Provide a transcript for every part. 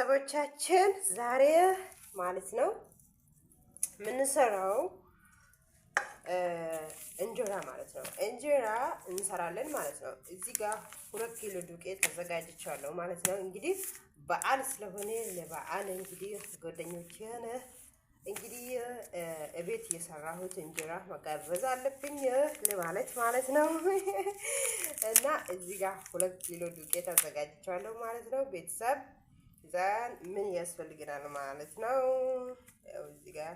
ቤተሰቦቻችን ዛሬ ማለት ነው የምንሰራው እንጀራ ማለት ነው። እንጀራ እንሰራለን ማለት ነው። እዚህ ጋር ሁለት ኪሎ ዱቄት ተዘጋጅቻለሁ ማለት ነው። እንግዲህ በዓል ስለሆነ ለበዓል እንግዲህ ጓደኞች እንግዲህ እቤት የሰራሁት እንጀራ መጋበዝ አለብኝ ለማለት ማለት ነው። እና እዚህ ጋር ሁለት ኪሎ ዱቄት አዘጋጅቻለሁ ማለት ነው ቤተሰብ ዛን ምን ያስፈልገናል ማለት ነው። ያው እዚህ ጋር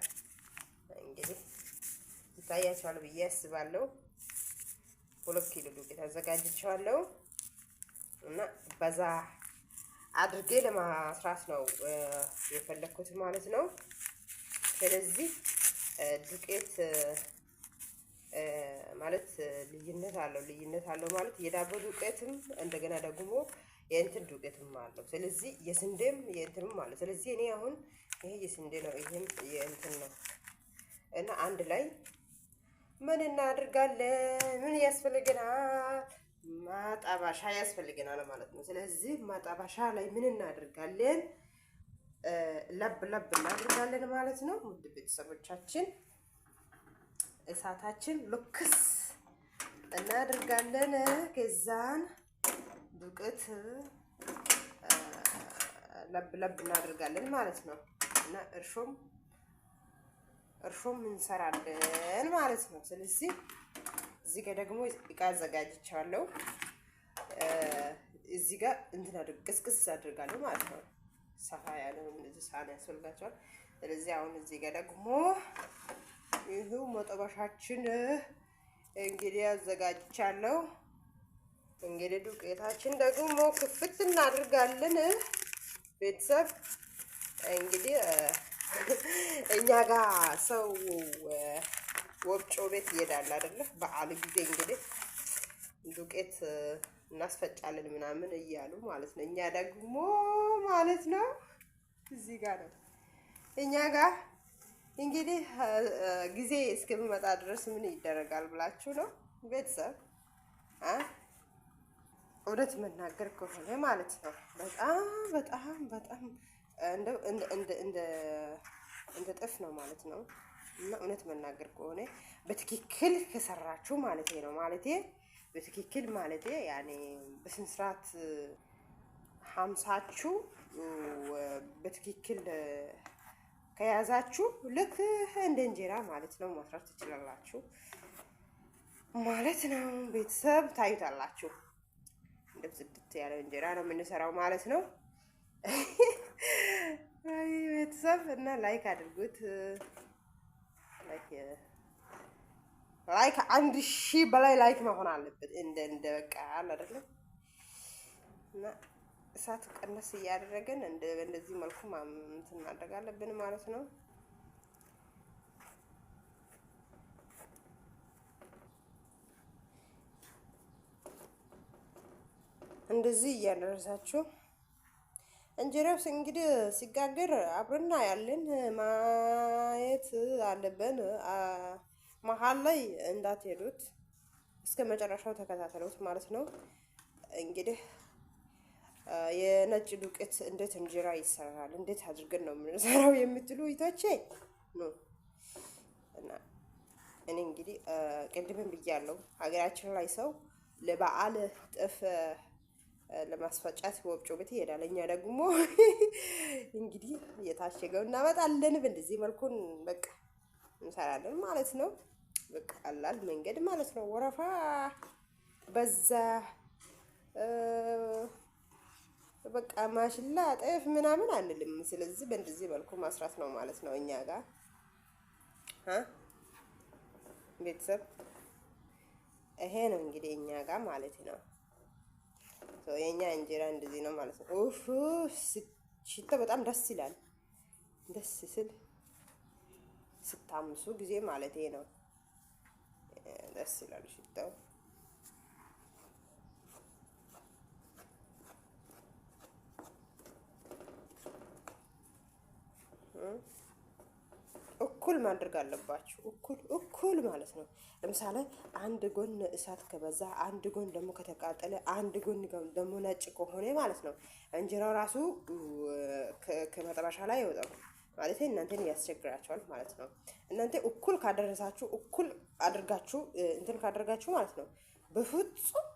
እንግዲህ ይታያቸዋል ብዬ አስባለሁ። ሁለት ኪሎ ዱቄት አዘጋጅቸዋለሁ እና በዛ አድርጌ ለማስራት ነው የፈለግኩት ማለት ነው። ስለዚህ ዱቄት ማለት ልዩነት አለው ልዩነት አለው ማለት የዳቦ ዱቄትም እንደገና ደግሞ የእንትን ዱቄትም አለው። ስለዚህ የስንዴም የእንትንም አለው። ስለዚህ እኔ አሁን ይሄ የስንዴ ነው፣ ይሄም የእንትን ነው እና አንድ ላይ ምን እናድርጋለን? ምን ያስፈልገናል? ማጣባሻ ያስፈልገናል ማለት ነው። ስለዚህ ማጣባሻ ላይ ምን እናድርጋለን? ለብ ለብ እናድርጋለን ማለት ነው። ውድ ቤተሰቦቻችን እሳታችን ሉክስ እናድርጋለን ከዛን ዱቄት ለብ ለብ እናደርጋለን ማለት ነው እና እርሾም እርሾም እንሰራለን ማለት ነው። ስለዚህ እዚህ ጋር ደግሞ እቃ አዘጋጅቻለሁ። እዚህ ጋር እንትን ቅዝቅዝ አድርጋለሁ ማለት ነው። ሰፋ ያለውን እዚህ ሳህን ያስፈልጋቸዋል። ስለዚህ አሁን እዚህ ጋር ደግሞ ይህ መጠበሻችን እንግዲህ አዘጋጅቻለሁ። እንግዲህ ዱቄታችን ደግሞ ክፍት እናድርጋለን። ቤተሰብ እንግዲህ እኛ ጋር ሰው ወፍጮ ቤት ይሄዳል አይደለ? በአል ጊዜ እንግዲህ ዱቄት እናስፈጫለን ምናምን እያሉ ማለት ነው። እኛ ደግሞ ማለት ነው እዚህ ጋር ነው እኛ ጋር እንግዲህ ጊዜ እስከሚመጣ ድረስ ምን ይደረጋል ብላችሁ ነው ቤተሰብ እውነት መናገር ከሆነ ማለት ነው በጣም በጣም በጣም እንደው እንደ ጥፍ ነው ማለት ነው። እና እውነት መናገር ከሆነ በትክክል ከሰራችሁ ማለት ነው ማለት በትክክል ማለት ያኔ በስነ ስርዓት ሀምሳችሁ በትክክል ከያዛችሁ ልክ እንደ እንጀራ ማለት ነው መስራት ትችላላችሁ ማለት ነው። ቤተሰብ ታዩታላችሁ። ጽድት ጽድት ያለው እንጀራ ነው የምንሰራው ማለት ነው። ቤተሰብ እና ላይክ አድርጉት። ላይክ አንድ ሺህ በላይ ላይክ መሆን አለበት። እንደ እንደ በቃ አለ አይደለ እና እሳት ቀነስ እያደረገን እንደዚህ መልኩ እንትን እናደርጋለብን አለብን ማለት ነው። እንደዚህ እያደረሳችሁ እንጀራው እንግዲህ ሲጋገር አብረና ያለን ማየት አለብን። መሀል ላይ እንዳትሄዱት እስከ መጨረሻው ተከታተሉት ማለት ነው። እንግዲህ የነጭ ዱቄት እንዴት እንጀራ ይሰራል፣ እንዴት አድርገን ነው የምንሰራው የምትሉ ይቶቼ እና እኔ እንግዲህ ቅድምን ብያለሁ ሀገራችን ላይ ሰው ለበዓል ጥፍ ለማስፈጫት ወፍጮ ቤት ይሄዳል። እኛ ደግሞ እንግዲህ እየታሸገው እናመጣለን። በእንደዚህ መልኩን በቃ እንሰራለን ማለት ነው። በቃ ቀላል መንገድ ማለት ነው። ወረፋ በዛ በቃ ማሽላ፣ ጤፍ ምናምን አንልም። ስለዚህ በእንደዚህ መልኩ ማስራት ነው ማለት ነው። እኛ ጋር ቤተሰብ ይሄ ነው እንግዲህ እኛ ጋር ማለት ነው። የእኛ እንጀራ እንደዚህ ነው ማለት ነው። ኡፍ ሽታው በጣም ደስ ይላል። ደስ ስል ስታምሱ ጊዜ ማለት ነው። ደስ ይላል ሽታው። እኩል ማድረግ አለባችሁ። እኩል እኩል ማለት ነው። ለምሳሌ አንድ ጎን እሳት ከበዛ፣ አንድ ጎን ደግሞ ከተቃጠለ፣ አንድ ጎን ደግሞ ነጭ ከሆነ ማለት ነው እንጀራው ራሱ ከመጥበሻ ላይ ይወጣል ማለት እናንተን ያስቸግራቸዋል ማለት ነው። እናንተ እኩል ካደረሳችሁ፣ እኩል አድርጋችሁ እንትን ካደረጋችሁ ማለት ነው በፍጹም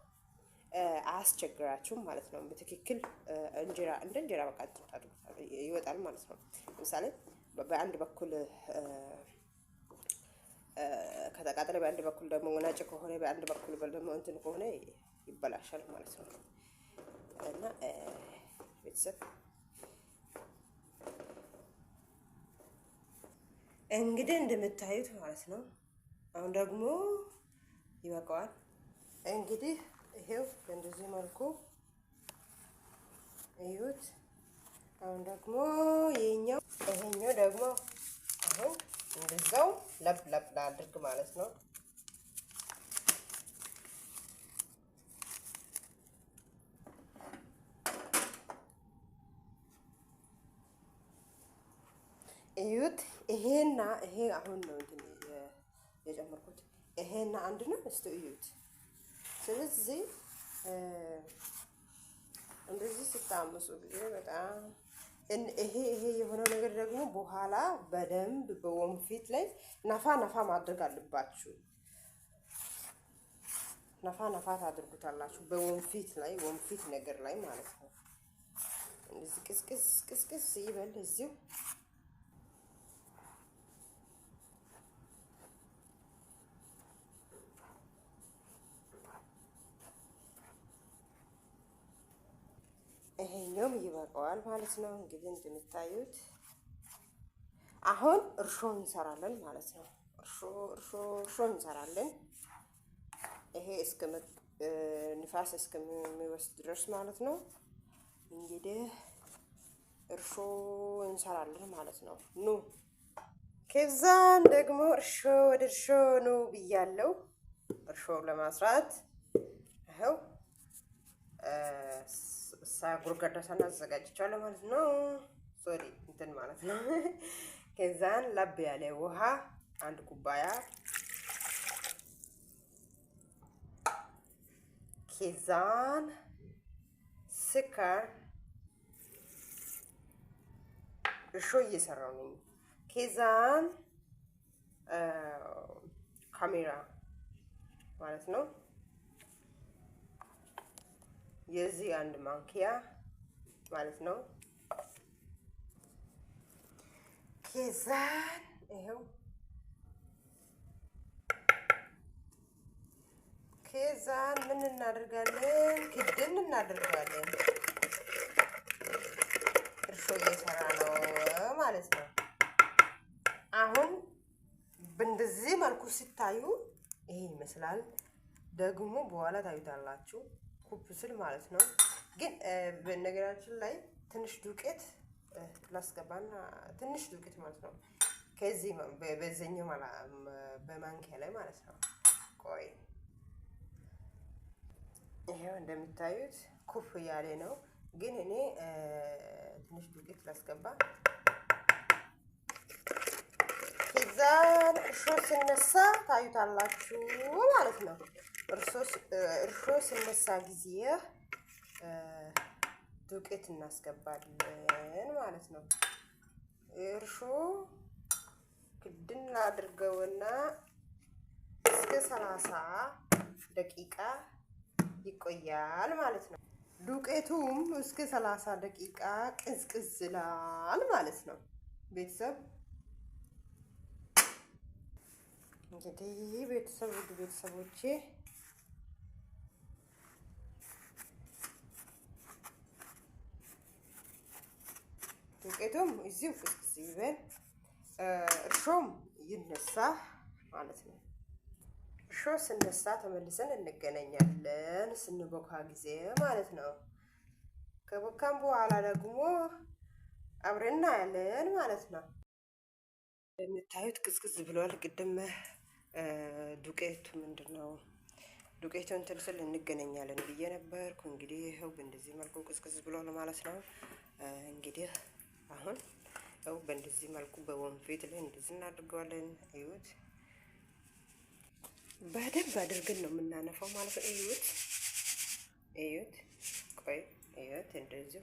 አያስቸግራችሁም ማለት ነው። በትክክል እንጀራ እንደ እንጀራ በቃ ይወጣል ማለት ነው። ለምሳሌ በአንድ በኩል ከተቃጠለ በአንድ በኩል ደግሞ ነጭ ከሆነ በአንድ በኩል ደግሞ እንትን ከሆነ ይበላሻል ማለት ነው። እና ቤተሰብ እንግዲህ እንደምታዩት ማለት ነው። አሁን ደግሞ ይበቃዋል። እንግዲህ ይሄው በእንደዚህ መልኩ እዩት። አሁን ደግሞ ይሄኛው ይሄኛው ደግሞ አሁን እንደዛው ለብ ለብ ላድርግ ማለት ነው። እዩት። ይሄና ይሄ አሁን ነው እንትን የጨመርኩት። ይሄና አንድ ነው። እስቲ እዩት። ስለዚህ እንደዚህ ስታምሱ ጊዜ በጣም ይሄ ይሄ የሆነው ነገር ደግሞ በኋላ በደንብ በወንፊት ላይ ነፋ ነፋ ማድረግ አለባችሁ። ነፋ ነፋ ታድርጉታላችሁ በወንፊት ላይ ወንፊት ነገር ላይ ማለት ነው። እንደዚህ ቅስቅስ ቅስቅስ ይበል እዚሁ ይሄኛውም ይበቃዋል ማለት ነው። እንግዲህ እንደምታዩት አሁን እርሾ እንሰራለን ማለት ነው። እርሾ እርሾ እርሾ እንሰራለን። ይሄ እስከ ንፋስ እስከሚወስድ ድረስ ማለት ነው። እንግዲህ እርሾ እንሰራለን ማለት ነው። ኑ ከዛን ደግሞ እርሾ ወደ እርሾ ኑ ብያለው። እርሾ ለማስራት ይኸው ጉርጋዳ አዘጋጅቻለሁ ማለት ነው። ሶሪ እንትን ማለት ነው። ከዛን ላብ ያለ ውሃ አንድ ኩባያ፣ ከዛን ስካር እሾ እየሰራው ነኝ። ከዛን ካሜራ ማለት ነው የዚህ አንድ ማንኪያ ማለት ነው። ኬዛን ይኸው ኬዛን ምን እናደርጋለን? ክድን እናደርጋለን። እርሾ እየሰራ ነው ማለት ነው። አሁን በእንደዚህ መልኩ ሲታዩ ይሄ ይመስላል። ደግሞ በኋላ ታዩታላችሁ። ኩብ ስል ማለት ነው። ግን በነገራችን ላይ ትንሽ ዱቄት ላስገባና ትንሽ ዱቄት ማለት ነው ከዚህ በዚህኛው በማንኪያ ላይ ማለት ነው። ቆይ ይሄው እንደምታዩት ኩፍ እያለ ነው። ግን እኔ ትንሽ ዱቄት ላስገባ። ከዛ እርሾ ሲነሳ ታዩታላችሁ ማለት ነው። እርሾ ስነሳ ጊዜ ዱቄት እናስገባለን ማለት ነው። እርሾ ክድና አድርገውና እስከ ሰላሳ ደቂቃ ይቆያል ማለት ነው። ዱቄቱም እስከ ሰላሳ ደቂቃ ቅዝቅዝ ይላል ማለት ነው። ቤተሰብ እንግዲህ ቤተሰብ ውድ ቤተሰቦቼ ዱቄቱም እዚሁ ፍስክስ ይበል፣ እርሾም ይነሳ ማለት ነው። እርሾ ስነሳ ተመልሰን እንገናኛለን፣ ስንቦካ ጊዜ ማለት ነው። ከቦካም በኋላ ደግሞ አብረና ያለን ማለት ነው። የምታዩት ቅዝቅዝ ብሏል። ቅድም ዱቄቱ ምንድን ነው ዱቄቱን ትልስል እንገናኛለን ብዬ ነበርኩ። እንግዲህ ይኸው በእንደዚህ መልኩ ቅዝቅዝ ብሏል ማለት ነው እንግዲህ አሁን ያው በእንደዚህ መልኩ በወንፊት ላይ እንደዚህ እናድርገዋለን። እዩት፣ በደንብ አድርገን ነው የምናነፋው ማለት ነው። እዩት፣ እዩት፣ ቆይ እዩት፣ እንደዚሁ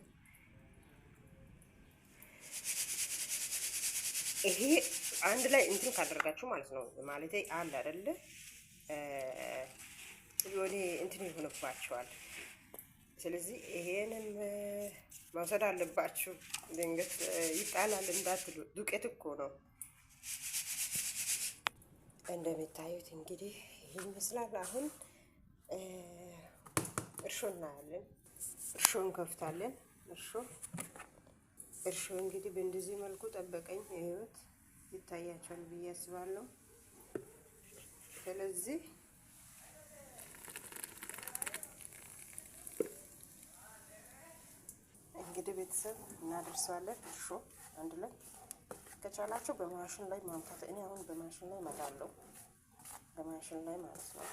ይሄ አንድ ላይ እንትን ካደረጋችሁ ማለት ነው ማለት አለ አይደለ? ወደ እንትን ይሆንባቸዋል ስለዚህ ይሄንን መውሰድ አለባችሁ። ድንገት ይጣላል እንዳትሉ፣ ዱቄት እኮ ነው። እንደሚታዩት እንግዲህ ይህን ይመስላል። አሁን እርሾ እናያለን። እርሾ እንከፍታለን። እርሾ እርሾ እንግዲህ በእንደዚህ መልኩ ጠበቀኝ ህይወት ይታያቸዋል ብዬ አስባለሁ። ስለዚህ እንግዲህ ቤተሰብ እናደርሰዋለን። እርሾ አንድ ላይ ከቻላችሁ በማሽን ላይ ማምጣት፣ እኔ አሁን በማሽን ላይ እመጣለሁ። በማሽን ላይ ማለት ነው።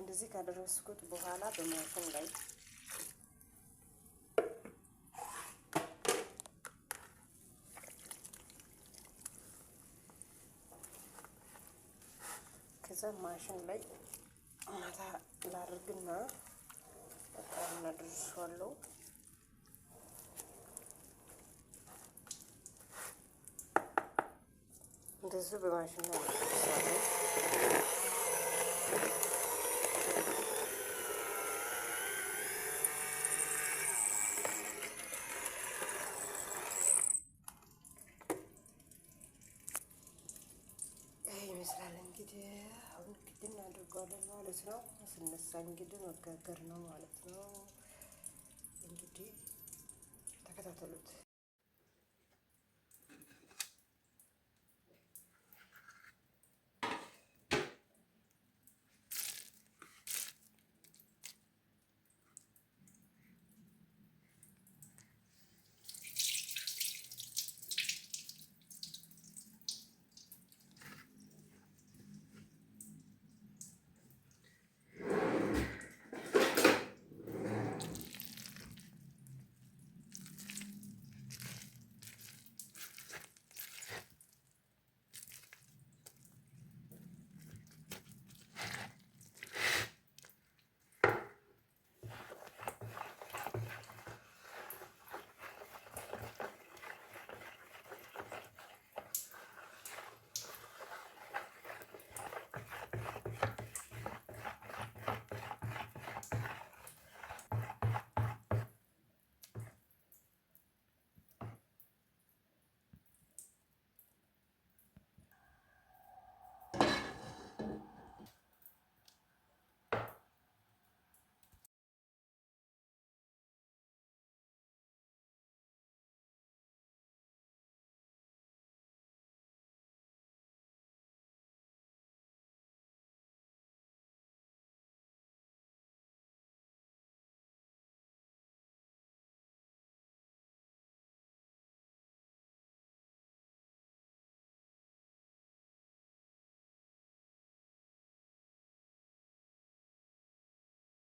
እንደዚህ ካደረስኩት በኋላ በማሽን ላይ ከዛ ማሽን ላይ ማታ ላድርግና Let us follow. This will be my Thank you. ማለት ነው። ስነሳ እንግዲህ መጋገር ነው ማለት ነው። እንግዲህ ተከታተሉት።